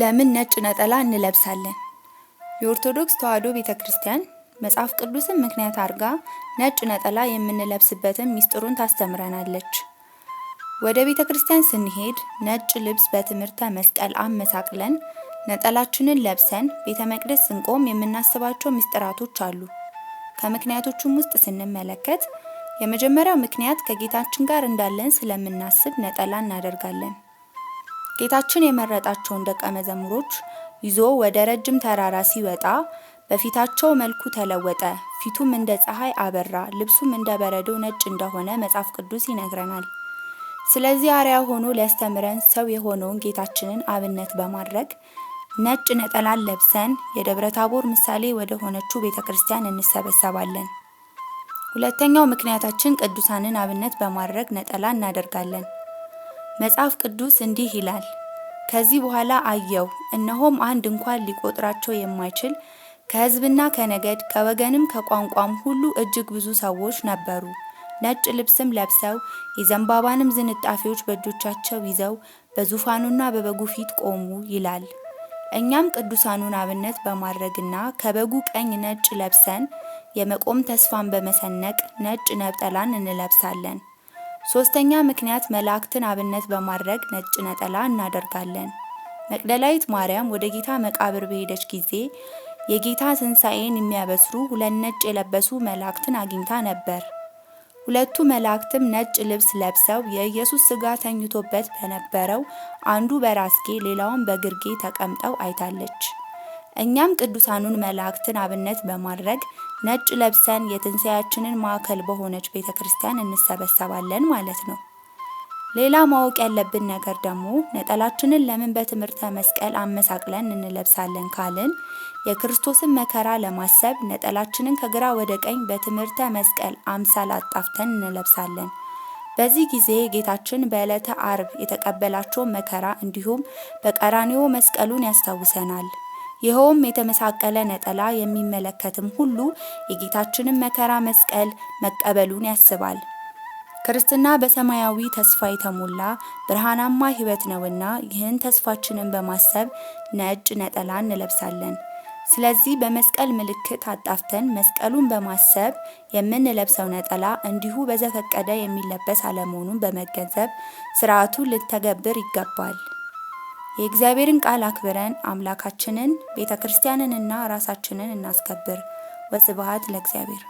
ለምን ነጭ ነጠላ እንለብሳለን? የኦርቶዶክስ ተዋሕዶ ቤተ ክርስቲያን መጽሐፍ ቅዱስን ምክንያት አድርጋ ነጭ ነጠላ የምንለብስበትን ምስጢሩን ታስተምረናለች። ወደ ቤተ ክርስቲያን ስንሄድ ነጭ ልብስ በትምህርተ መስቀል አመሳቅለን ነጠላችንን ለብሰን ቤተ መቅደስ ስንቆም የምናስባቸው ምስጢራቶች አሉ። ከምክንያቶቹም ውስጥ ስንመለከት የመጀመሪያው ምክንያት ከጌታችን ጋር እንዳለን ስለምናስብ ነጠላ እናደርጋለን። ጌታችን የመረጣቸውን ደቀ መዘምሮች ይዞ ወደ ረጅም ተራራ ሲወጣ በፊታቸው መልኩ ተለወጠ፣ ፊቱም እንደ ፀሐይ አበራ፣ ልብሱም እንደ በረዶ ነጭ እንደሆነ መጽሐፍ ቅዱስ ይነግረናል። ስለዚህ አርያ ሆኖ ሊያስተምረን ሰው የሆነውን ጌታችንን አብነት በማድረግ ነጭ ነጠላን ለብሰን የደብረ ታቦር ምሳሌ ወደ ሆነችው ቤተ ክርስቲያን እንሰበሰባለን። ሁለተኛው ምክንያታችን ቅዱሳንን አብነት በማድረግ ነጠላ እናደርጋለን። መጽሐፍ ቅዱስ እንዲህ ይላል፣ ከዚህ በኋላ አየሁ፣ እነሆም አንድ እንኳን ሊቆጥራቸው የማይችል ከሕዝብና ከነገድ ከወገንም ከቋንቋም ሁሉ እጅግ ብዙ ሰዎች ነበሩ። ነጭ ልብስም ለብሰው የዘንባባንም ዝንጣፊዎች በእጆቻቸው ይዘው በዙፋኑና በበጉ ፊት ቆሙ ይላል። እኛም ቅዱሳኑን አብነት በማድረግና ከበጉ ቀኝ ነጭ ለብሰን የመቆም ተስፋን በመሰነቅ ነጭ ነጠላን እንለብሳለን። ሶስተኛ ምክንያት መላእክትን አብነት በማድረግ ነጭ ነጠላ እናደርጋለን። መቅደላዊት ማርያም ወደ ጌታ መቃብር በሄደች ጊዜ የጌታ ትንሣኤን የሚያበስሩ ሁለት ነጭ የለበሱ መላእክትን አግኝታ ነበር። ሁለቱ መላእክትም ነጭ ልብስ ለብሰው የኢየሱስ ሥጋ ተኝቶበት በነበረው አንዱ በራስጌ ሌላውን በግርጌ ተቀምጠው አይታለች። እኛም ቅዱሳኑን መላእክትን አብነት በማድረግ ነጭ ለብሰን የትንሣያችንን ማዕከል በሆነች ቤተ ክርስቲያን እንሰበሰባለን ማለት ነው። ሌላ ማወቅ ያለብን ነገር ደግሞ ነጠላችንን ለምን በትምህርተ መስቀል አመሳቅለን እንለብሳለን ካልን የክርስቶስን መከራ ለማሰብ ነጠላችንን ከግራ ወደ ቀኝ በትምህርተ መስቀል አምሳል አጣፍተን እንለብሳለን። በዚህ ጊዜ ጌታችን በዕለተ አርብ የተቀበላቸውን መከራ እንዲሁም በቀራንዮ መስቀሉን ያስታውሰናል። ይኸውም የተመሳቀለ ነጠላ የሚመለከትም ሁሉ የጌታችንን መከራ መስቀል መቀበሉን ያስባል። ክርስትና በሰማያዊ ተስፋ የተሞላ ብርሃናማ ሕይወት ነውና ይህን ተስፋችንን በማሰብ ነጭ ነጠላ እንለብሳለን። ስለዚህ በመስቀል ምልክት አጣፍተን መስቀሉን በማሰብ የምንለብሰው ነጠላ እንዲሁ በዘፈቀደ የሚለበስ አለመሆኑን በመገንዘብ ስርዓቱን ልተገብር ይገባል። የእግዚአብሔርን ቃል አክብረን አምላካችንን ቤተ ክርስቲያንንና ራሳችንን እናስከብር። ወስብሐት ለእግዚአብሔር።